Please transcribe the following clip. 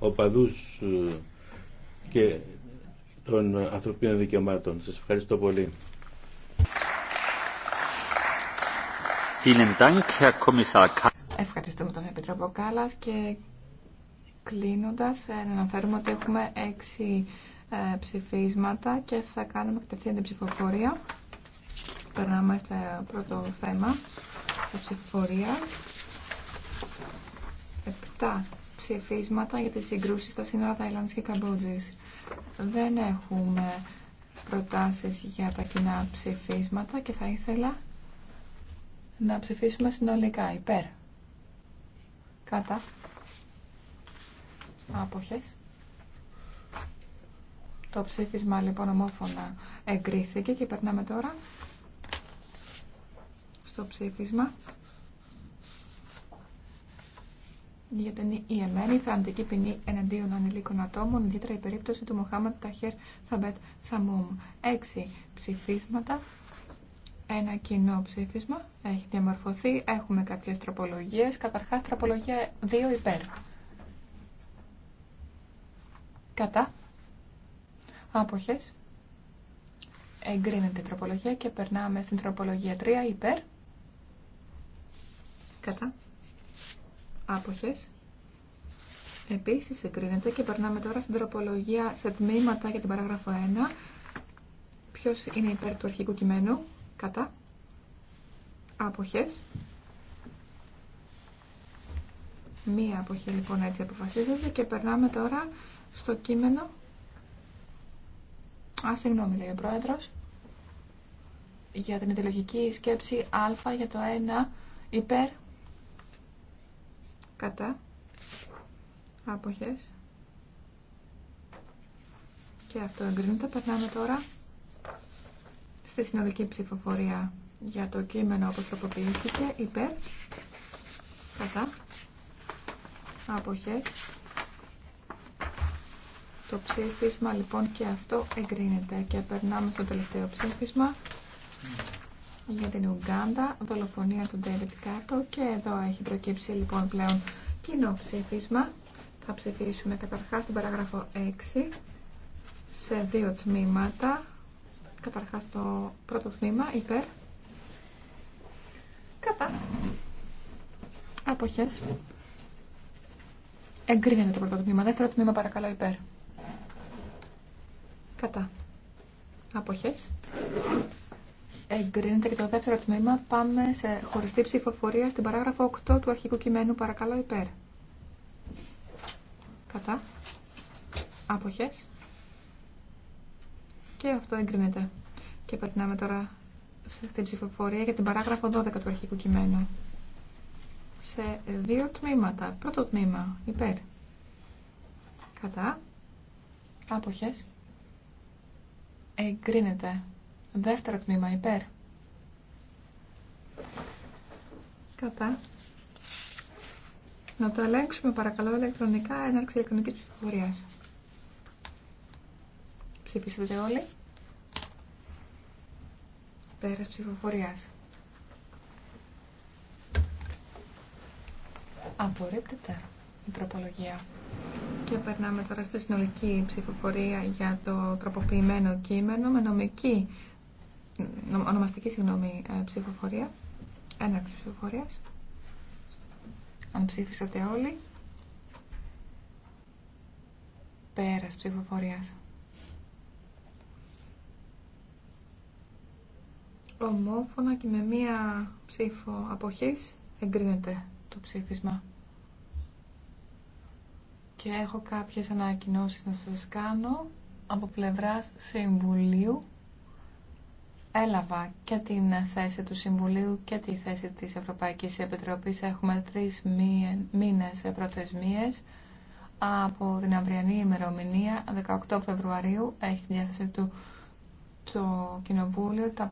οπαδούς ε, και των ανθρωπίνων δικαιωμάτων. Σας ευχαριστώ πολύ. Ευχαριστούμε τον Επιτρόπο Κάλλας και κλείνοντας ε, να αναφέρουμε ότι έχουμε έξι ε, ψηφίσματα και θα κάνουμε κατευθείαν την ψηφοφορία. Περνάμε στο πρώτο θέμα της ψηφοφορίας. Επτά ψηφίσματα για τις συγκρούσεις στα σύνορα Ταϊλάνδης και Δεν έχουμε προτάσεις για τα κοινά ψηφίσματα και θα ήθελα να ψηφίσουμε συνολικά υπέρ. Κατά. Άποχες. Το ψήφισμα λοιπόν ομόφωνα εγκρίθηκε και περνάμε τώρα στο ψήφισμα για την ιεμένη θα ποινή εναντίον ανηλίκων ατόμων, ιδιαίτερα η περίπτωση του Μοχάμετ Ταχέρ Θαμπέτ Σαμούμ. Έξι ψηφίσματα, ένα κοινό ψήφισμα έχει διαμορφωθεί. Έχουμε κάποιες τροπολογίες. Καταρχάς, τροπολογία 2 υπέρ. Κατά. Άποχες. Εγκρίνεται η τροπολογία και περνάμε στην τροπολογία 3 υπέρ. Κατά. Άποχες. Επίσης εγκρίνεται και περνάμε τώρα στην τροπολογία σε τμήματα για την παράγραφο 1. Ποιος είναι υπέρ του αρχικού κειμένου. Κατά. Άποχες. Μία αποχή λοιπόν έτσι αποφασίζεται και περνάμε τώρα στο κείμενο. Α, συγγνώμη λέει ο πρόεδρος. Για την ιδεολογική σκέψη α για το 1 υπέρ κατά άποχες και αυτό εγκρίνεται. Περνάμε τώρα στη συνολική ψηφοφορία για το κείμενο όπως τροποποιήθηκε υπέρ κατά άποχες το ψήφισμα λοιπόν και αυτό εγκρίνεται και περνάμε στο τελευταίο ψήφισμα για την Ουγγάντα, δολοφονία του Ντέβιτ Κάτο και εδώ έχει προκύψει λοιπόν πλέον κοινό ψήφισμα. Θα ψηφίσουμε καταρχά την παράγραφο 6 σε δύο τμήματα. Καταρχάς το πρώτο τμήμα υπέρ. Κατά. Αποχές. Εγκρίνεται το πρώτο τμήμα. Δεύτερο τμήμα παρακαλώ υπέρ. Κατά. Αποχές. Εγκρίνεται και το δεύτερο τμήμα. Πάμε σε χωριστή ψηφοφορία στην παράγραφο 8 του αρχικού κειμένου. Παρακαλώ υπέρ. Κατά. Άποχες. Και αυτό εγκρίνεται. Και περνάμε τώρα στην ψηφοφορία για την παράγραφο 12 του αρχικού κειμένου. Σε δύο τμήματα. Πρώτο τμήμα. Υπέρ. Κατά. Άποχες. Εγκρίνεται. Δεύτερο τμήμα υπέρ. Κατά. Να το ελέγξουμε παρακαλώ ηλεκτρονικά έναρξη ηλεκτρονικής ψηφοφορίας. Ψήφισετε όλοι. Πέρας ψηφοφορίας. Απορρίπτεται η τροπολογία. Και περνάμε τώρα στη συνολική ψηφοφορία για το τροποποιημένο κείμενο με νομική ονομαστική συγγνώμη, ε, ψηφοφορία, έναρξη ψηφοφορία. Αν ψήφισατε όλοι, πέρας ψηφοφορία. Ομόφωνα και με μία ψήφο αποχής εγκρίνεται το ψήφισμα. Και έχω κάποιες ανακοινώσεις να σας κάνω από πλευράς Συμβουλίου έλαβα και την θέση του Συμβουλίου και τη θέση της Ευρωπαϊκής Επιτροπής. Έχουμε τρεις μήνες προθεσμίες από την αυριανή ημερομηνία 18 Φεβρουαρίου έχει τη διάθεση του το Κοινοβούλιο